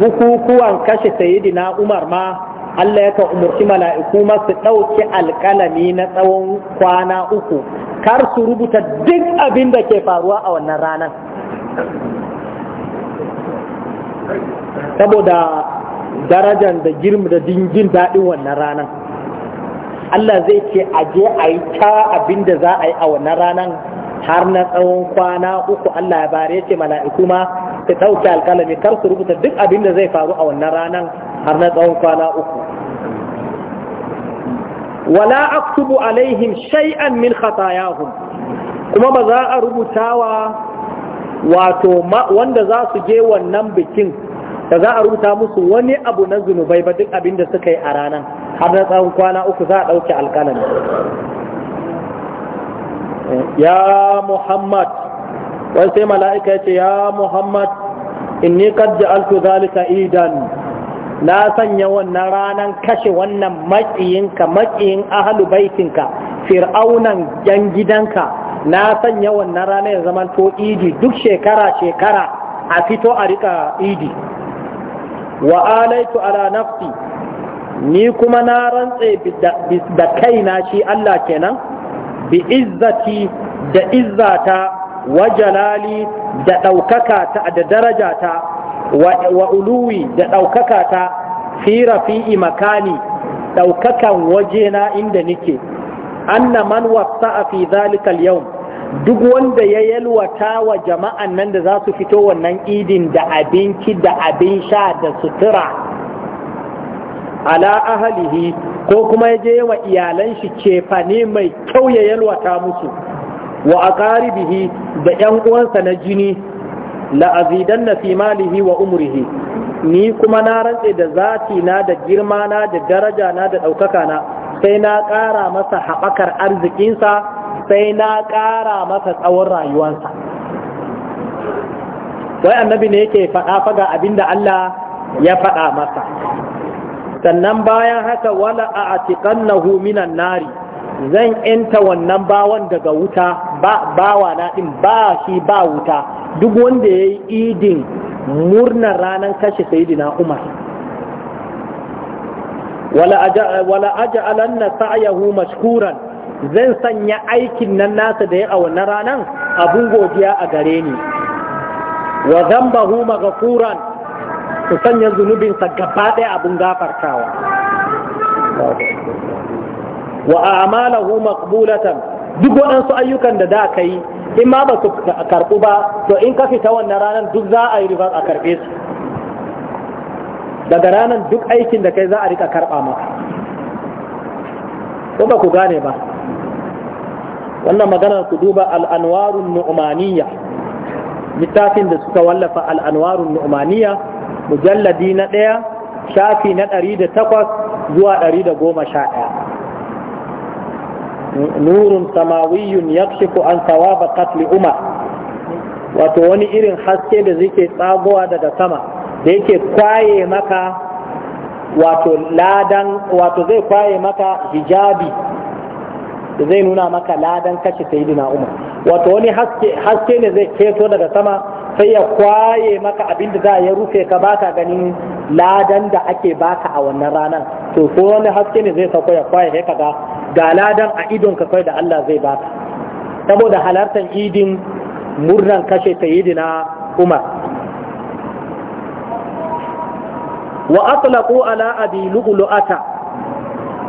bukukuwan kashe na umar ma Allah ya ka umarci mala'iku masu ɗauke ɗauki alkalami na tsawon kwana uku kar su rubuta duk abin da ke faruwa a wannan ranan saboda darajan da girma da jin daɗin wannan ranan Allah zai ce a je a yi ta abin da za a yi a wannan ranan har na tsawon kwana uku Allah ya bare ce mala'iku ma ta ɗauke alƙalami kar su rubuta duk abin da zai faru a wannan ranan har na tsawon kwana uku wala aktubu alaihim shay'an min khatayahum kuma ba za a rubuta wa wato wanda za su je wannan bikin da za a rubuta musu wani abu na zunubai ba duk abin da suka yi a ranar har na tsawon kwana uku za a ɗauke alƙalan. ya muhammad wani sai mala'ika ya ce ya muhammad in inni qad ja'altu zalika idan na sanya wannan ranan kashe wannan maƙiyinka maƙiyin ahalu baitinka fir'aunan yan gidanka na sanya wannan ranar ya zama to idi duk shekara shekara a fito a rika idi wa alaitu ala nafsi ni kuma na rantse da kaina shi Allah kenan bi izzati da izzata wa jalali da ɗaukaka ta da daraja ta wa uluwi da ɗaukaka ta fi rafi'i makani ɗaukakan wajena inda nike anna man wasa fi zalikal yau duk wanda ya yalwata wa jama'an nan da za su fito wannan idin da abinci da abin sha da sutura ala ahalihi ko kuma ya je wa iyalan shi cefane mai kyau ya yalwata musu wa aqaribihi da yan uwansa na jini la azidanna fi malihi wa umrihi ni kuma na rantse da zati na da girma na da daraja na da ɗaukaka na sai na ƙara masa haɓakar arzikinsa sai na ƙara masa tsawon rayuwarsa, wai annabi ne yake faɗa faga abin da Allah ya faɗa masa sannan bayan haka wala a atiqannahu minan nari zan yanta wannan bawan daga wuta ba bawa na ba shi ba wuta duk wanda ya yi idin murnar ranar kashe saidina Umar wala aja'alanna sa'yahu mashkuran zan sanya aikin nan nasa da ya a wannan ranar abun godiya a gare ni wa ga maghfuran su sanya zunubinsa gaba ɗaya abun gafartawa wa a'malahu maqbulatan duk waɗansu ayyukan da da ka yi in ma ba su karɓu ba to in ka fita wannan ranar duk za a yi riba a karɓe su daga ranar duk aikin da kai za a rika karɓa maka ko ba ku gane ba wannan magana ku duba al'anwarun nu'umaniya littafin da suka wallafa al'anwarun nu'maniya mujalladi na ɗaya shafi na ɗari da takwas zuwa ɗari da goma sha ɗaya nurun samawiyun yakshifu an ba katli umar wato wani irin haske da zike tsagowa daga sama da yake kwaye maka wato ladan wato zai kwaye maka hijabi da zai nuna maka ladan kashe sayyidina umar wato wani haske ne zai keto daga sama sai ya kwaye maka abin da za ya rufe ka baka ganin ladan da ake baka a wannan ranar to ko wani haske ne zai sauko ya kwaye sai ga ga ladan a idon ka kai da Allah zai baka saboda halartar idin murnan kashe sayyidina umar wa atlaqu ala abi lu'lu'ata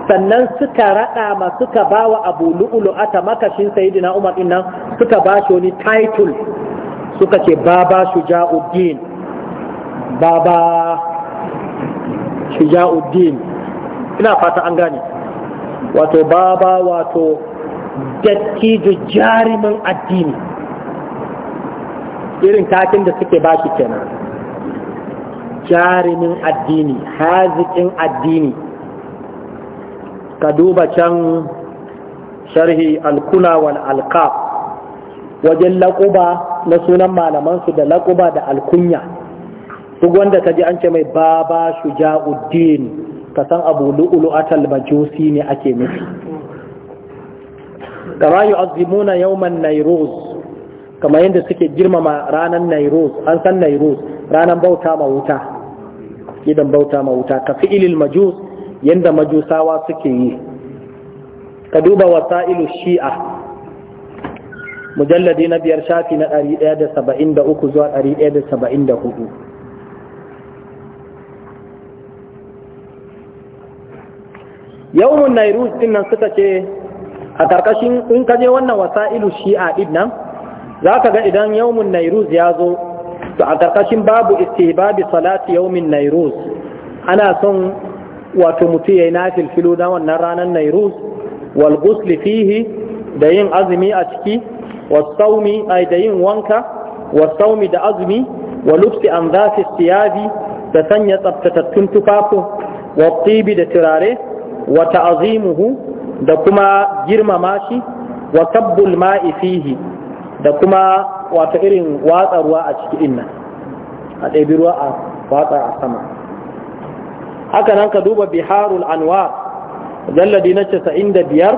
sannan suka raɗa ma suka ba wa abu ata makashin sayidina umar dinnan suka ba shi wani title suka ce baba shuja'uddin baba shuja'uddin ina fata an gane wato baba wato dattijo jarimin addini irin takin da suke ba shi kenan jarimin addini hazikin addini ka duba can sharhi alkuna wal alka wajen laƙuba na sunan malamansu da laƙuba da alkunya duk wanda ta ji an ce mai baba shuja'uddin ka san abu lu'ulu atal majusi ne ake nufi kama yau yawman nairuz kama yadda suke girmama ranar nairuz an san nairuz ranar bauta ma wuta idan bauta ma wuta ka fi'ilil majus yadda majusawa suke yi ka duba wasa'ilu shi'a mujalladi na biyar shafi na 173 zuwa 174 yawon nairus nan suka ce a ƙarƙashin in ka je wannan wasa'ilu shi'a dinnan za ka ga idan yawon nairus ya zo to a ƙarƙashin babu istihbabi salati yawon nairus ana son wato mutum ya yi nafil filo na wannan ranar nairus wal gusli fihi da yin azumi a ciki wasaumi ai da yin wanka wasaumi da azumi wa lubsi an zafi siyabi da sanya tsaftatattun tufafi, wa tibi da turare wa ta'azimuhu da kuma girmama shi wa tabbul ma'i fihi da kuma wata irin watsa ruwa a ciki inna a ɗabi ruwa a watsa a sama haka nan ka duba biharul anwar jalladi na casa'in da biyar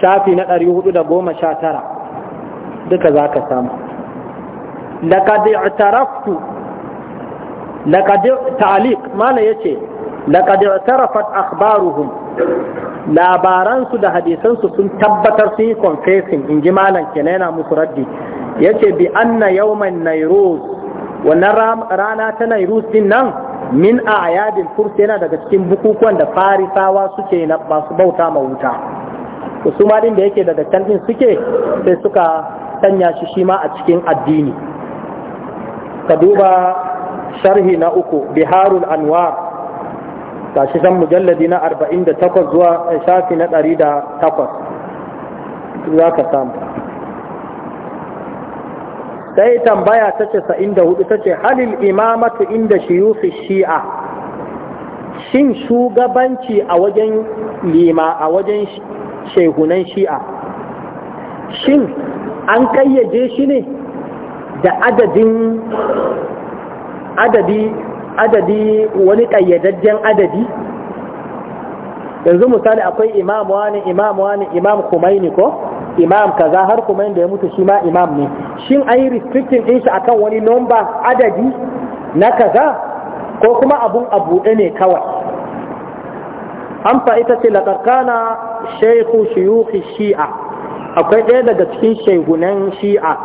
shafi na ɗari hudu da goma sha tara duka za ka samu ta'aliq mala ya ce laƙadir tarafat akhbaruhum labaransu da hadisansu sun tabbatar sun yi confessing in ji malam kenan yana musu raddi ya ce bi yau mai nairus wannan rana ta nairus din nan min yadin kursi yana daga cikin bukukuwan da farisawa suke na masu bauta ma wuta to su ma da yake daga can din suke sai suka sanya shi shi ma a cikin addini ka duba sharhi na uku biharul anwar shi san mujalladi na 48 zuwa eh, shafi na 108 za ka samu sai tambaya ta ce sa'in da hudu ta ce halil imamatu inda shiyufi shi'a shin shugabanci a wajen lima a wajen shehunan shi'a shin an kayyaje shi ne da adadin adadi adadi wani kayyadajjen adadi yanzu misali akwai imam wani imam wani imam kumaini ko imam kaza har kuma inda ya mutu shi ma imam ne shin an yi restricting din shi akan wani number adadi na kaza ko kuma abun a buɗe ne kawai amsa ita ce laƙarƙana shaikhu shiyuhi shi'a akwai ɗaya daga cikin shaigunan shi'a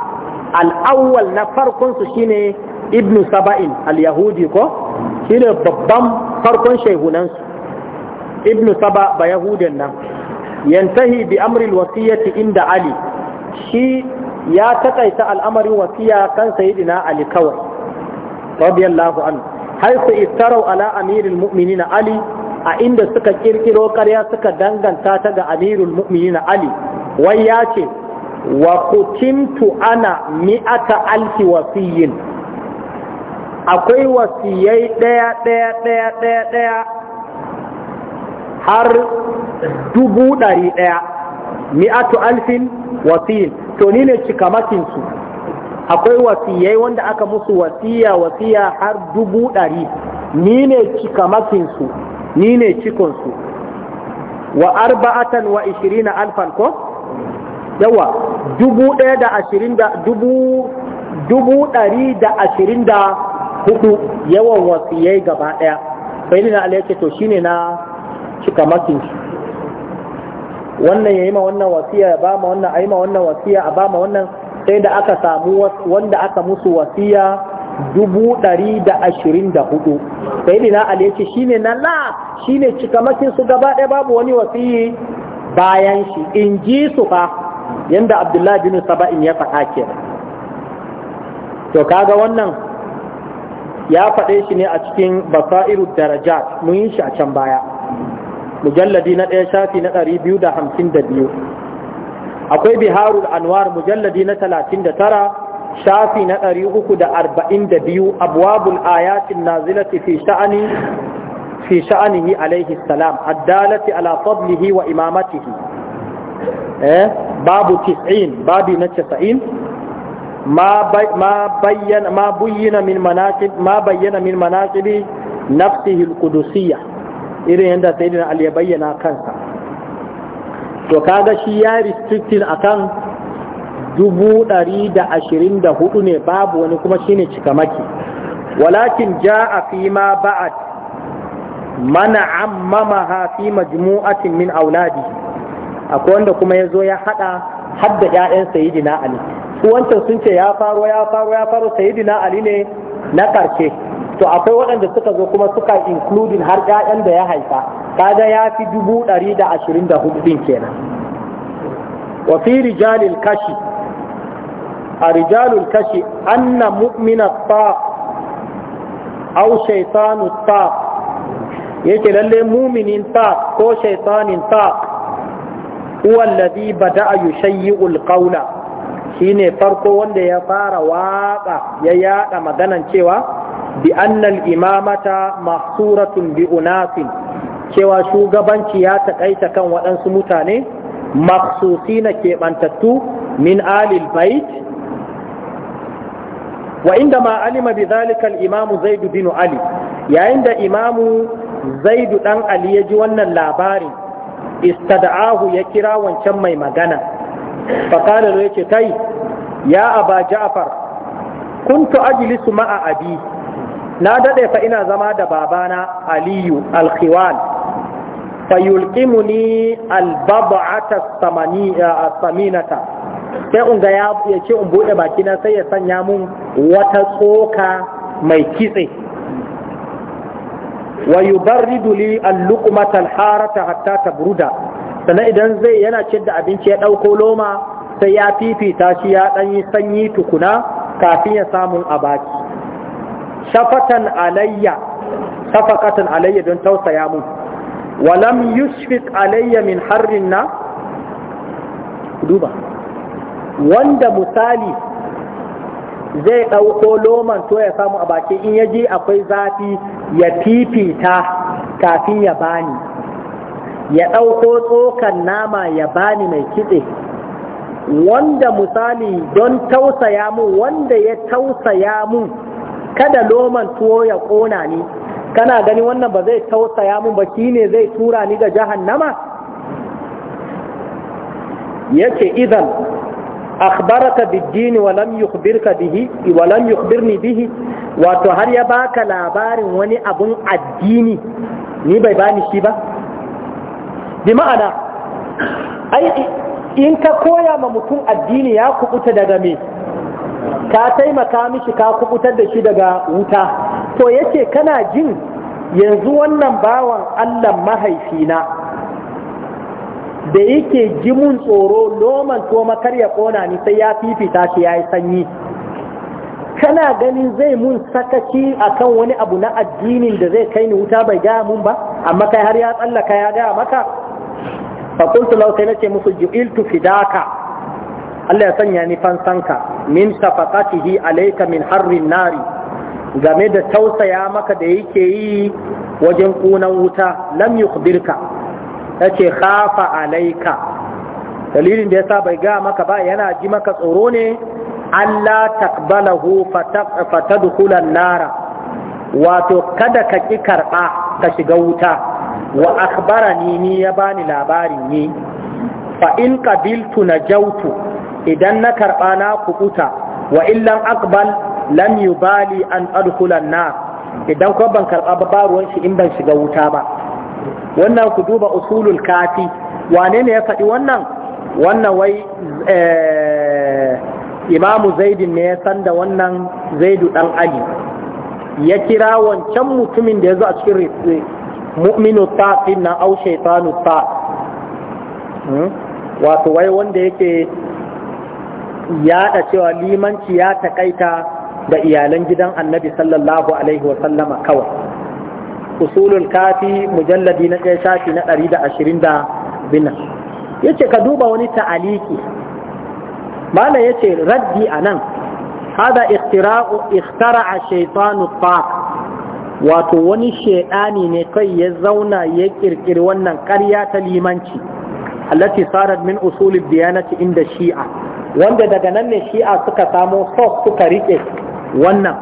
al'awwal na farkonsu shine ibnu saba'in al-yahudi ko shine babban farkon shaihunansu ibnu saba ba yahudin nan yantahi bi amril wasiyyati inda ali shi ya takaita al'amarin wasiya kan sayyidina ali kawai radiyallahu anhu har su iftarau ala amirul mu'minina ali a inda suka ƙirƙiro karya suka danganta ta ga amirul mu'minina ali wai ya ce wakutintu ana mi'ata alki wasiyin akwai wasiyai ɗaya ɗaya ɗaya ɗaya ɗaya har dubu ɗari ɗaya mi'atu alfin wasiyin to ni ne cikamakinsu akwai wasiyai wanda aka musu wasiya wasiya har dubu ɗari ni ne cikamakinsu ni ne cikonsu wa arba'atan wa ishirina alfan ko yawa dubu ɗaya da ashirin da dubu dubu ɗari da ashirin da hudu yawan wasiyai gaba ɗaya bai na alayyake to shine na cika makin shi wannan ya yi ma wannan wasiya ya ba ma wannan a yi ma wannan wasiya a ba ma wannan sai da aka samu wanda aka musu wasiya dubu ɗari da ashirin da hudu sai dina ali shi ne na la shine cikamakin su gaba ɗaya babu wani wasiyi bayan shi in ji su fa yanda abdullahi bin saba'in ya faɗa ke to kaga wannan ya faɗe shi ne a cikin basairu darajat mun yi shi a can baya مجلد نا شافي نا داري دا حمسين دا بيو أكوي بهار الأنوار مجلد نا تلاتين دا ترى شافي نا داري أكو دا أربعين بيو أبواب الآيات النازلة في شأنه في شأنه عليه السلام الدالة على فضله وإمامته إيه؟ باب تسعين باب نتسعين ما بي ما بين ما بين من مناكب ما بين من مناكب نفسه القدسيه irin yadda sayyidina ali ya bayyana kansa to kaga shi ya restricted akan dubu ɗari da ashirin da hudu ne babu wani kuma shine cikamaki walakin ja a fi ma ba'ad mana ammamaha fi majmu'atin min auladi akwai wanda kuma ya zo ya hada hadda 'ya'yan sayyidina ali su wancan sun ce ya faro ya faro ya faro sayyidina ali ne na karshe to akwai waɗanda suka zo kuma suka including har ƴaƴan da ya haifa kaga ya fi dubu ɗari da ashirin da hudu ɗin kenan wa fi rijalil kashi a rijalul kashi anna mu'mina ta au shaitanu ta yake lalle muminin ta ko shaitanin ta huwa alladhi bada'a yushayyi'ul qawla shine farko wanda ya fara waka ya yada maganan cewa bi annal imamata masuratun bi unasin cewa shugabanci ya taƙaita kan waɗansu mutane maksusi na keɓantattu min alil bait wa inda ma alima bi zalika al-imamu zaidu bin ali yayin da imamu zaidu ɗan ali ya ji wannan labarin istada'ahu ya kira wancan mai magana faqala lo yace kai ya aba ja'far kuntu ajlisu ma'a abi na daɗe fa ina zama da babana aliyu alkhiwal fa yulqimuni albab'ata saminata sai unga ya ce in bude baki na sai ya sanya mun wata tsoka mai kitse wa yubarridu li al-luqmata harata hatta tabruda sannan idan zai yana cin da abinci ya ɗauko loma sai ya fifita shi ya ɗan yi sanyi tukuna kafin ya samu a baki shafatan alayya safakatan alayya don tausaya mun walam yushfiq alayya min harrin na duba wanda misali zai ɗauko loman to ya samu a baki in ya ji akwai zafi ya fifita kafin ya bani ya ɗauko tsokan nama ya bani mai kitse wanda misali don tausaya mu wanda ya tausaya mu kada loman tuwo ya kona ni kana gani wannan ba zai tausaya mun ba shine zai tura ni ga jahannama yace idan akhbaraka bid-din wa lam yukhbirka bihi wa lam yukhbirni bihi wato har ya baka labarin wani abun addini ni bai bani shi ba bi ma'ana ai in ka koya ma mutum addini ya kubuta daga me ka taimaka miki ka kubutar da shi daga wuta to yace kana jin yanzu wannan bawan Allah mahaifina da yake mun tsoro loman to makar ya kona ni sai ya fifita shi yayi sanyi kana ganin zai mun sakaci akan wani abu na addinin da zai kai ni wuta bai gaya mun ba amma kai har ya tsallaka ya gaya maka fa kuntu lau sai nace musu ju'iltu fidaka Allah ya sanya ni fansanka min safaqatihi alayka min harrin nari game da tausaya maka da yake yi wajen kunan wuta lam yukhbirka yace khafa alayka dalilin da yasa bai ga maka ba yana ji maka tsoro ne Allah taqbalahu fatadkhula nara wato kada ka ki karba ka shiga wuta wa akhbarani ni ya bani labarin ni fa in qabiltu najautu idan na karɓa na kuɓuta wa illan akbal lam yubali an adkhulan na idan ko ban karɓa ba ruwan shi in ban shiga wuta ba wannan ku duba usulul kafi wane ne ya faɗi wannan wannan wai eh, imamu zaidin ne ya san da wannan zaidu dan ali ya kira wancan mutumin da ya zo a cikin mu'minu ta na au shaitanu ta hmm? wato wai wanda yake yada cewa limanci ya takaita da iyalan gidan annabi sallallahu alaihi wa sallama kawai usulul kafi mujalladi na ɗaya shafi na ɗari da ashirin da bina ya ce ka duba wani ta'aliki bala ya ce raddi a nan hada a shaitanu taq wato wani shaidani ne kai ya zauna ya kirkiri wannan ƙarya ta limanci allati sarat min usulid diyanati inda shi'a wanda daga nan ne shi'a suka samo sos suka rike wannan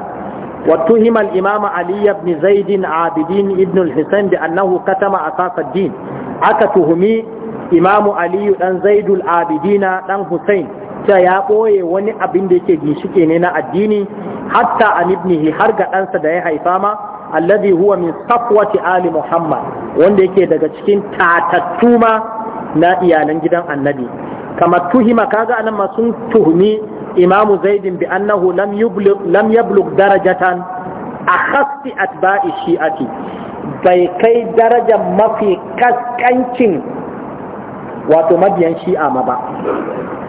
wato himal imama ali ibn zaidin abidin ibn al-husayn bi annahu katama asasa din aka tuhumi imamu Aliyu dan zaidul abidina dan husayn ta ya boye wani abin da yake ginshike ne na addini hatta an ibnihi har ga ɗansa da ya haifa ma alladhi huwa min safwati ali muhammad wanda yake daga cikin tatattuma na iyalan gidan annabi kama tuhima kaga anan ma sun tuhumi imamu zaidin bi annahu lam yublug lam yablug darajatan akhassi atba'i shi'ati bai kai darajar mafi kaskancin wato mabiyan shi'a ma ba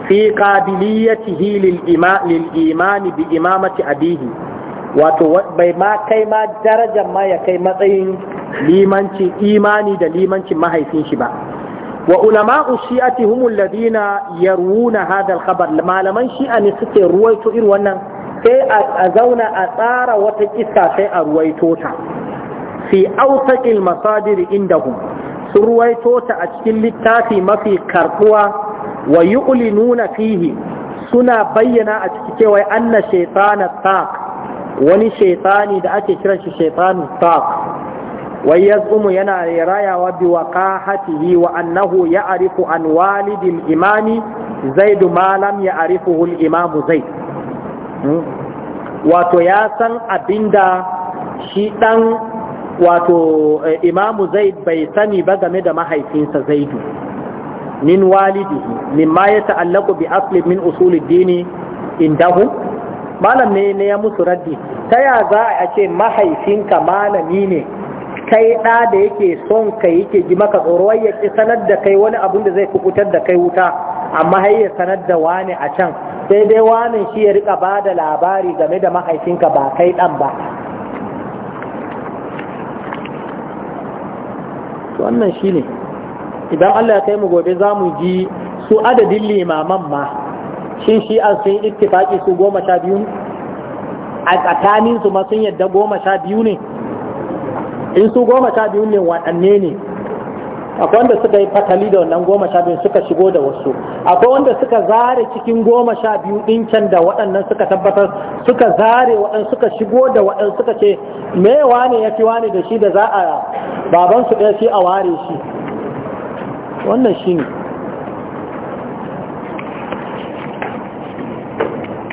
fi qabiliyatihi lil imani bi imamati abihi wato bai kai ma darajar ma ya kai matsayin imani da limancin mahaifin shi ba wa ulama'u shi'ati humul ladina yarwuna hadal khabar malaman shi'a ne suke ruwaito irin wannan sai a zauna a tsara wata kissa sai a ruwaitota. ta fi autaqil masadir indahum su ruwaitota a cikin littafi mafi karbuwa wa yu'linuna fihi suna bayyana a ciki cewa anna shaytana Tak' wani shaytani da ake kiran shi shaytanu Tak'. wai yazqumu yana rayawa bi waqahatihi wa annahu ya'rifu an walidil imami zaid ma lam ya'rifuhu al imamu zaid hmm? wato ya san abinda shi ɗan wato eh, imamu zaid bai sani ba game da mahaifinsa zaidu min walidihi mimma ya ta'allaqu bi asli min usuli dini indahu malam ne ya musu raddi ta ya za a ce mahaifinka malami ne kai ɗa da yake son ka yake ji maka tsoro wai ya ki sanar da kai wani abun da zai kukutar da kai wuta amma har ya sanar da wani a can sai dai wani shi ya rika ba da labari game da mahaifinka ba kai ɗan ba wannan shi ne idan Allah ya kai mu gobe za mu ji su adadin limaman ma shin shi an sun ittifaki su goma sha biyu a tsakaninsu ma sun yadda goma sha biyu ne in su goma sha biyu ne waɗanne ne akwai wanda suka yi fatali da wannan goma sha biyu suka shigo da wasu akwai wanda suka zare cikin goma sha biyu ɗin can da waɗannan suka tabbatar suka zare waɗannan suka shigo da waɗansu suka ce me wane ya fi wane da shi da za a babansu ɗaya shi a ware shi wannan shi ne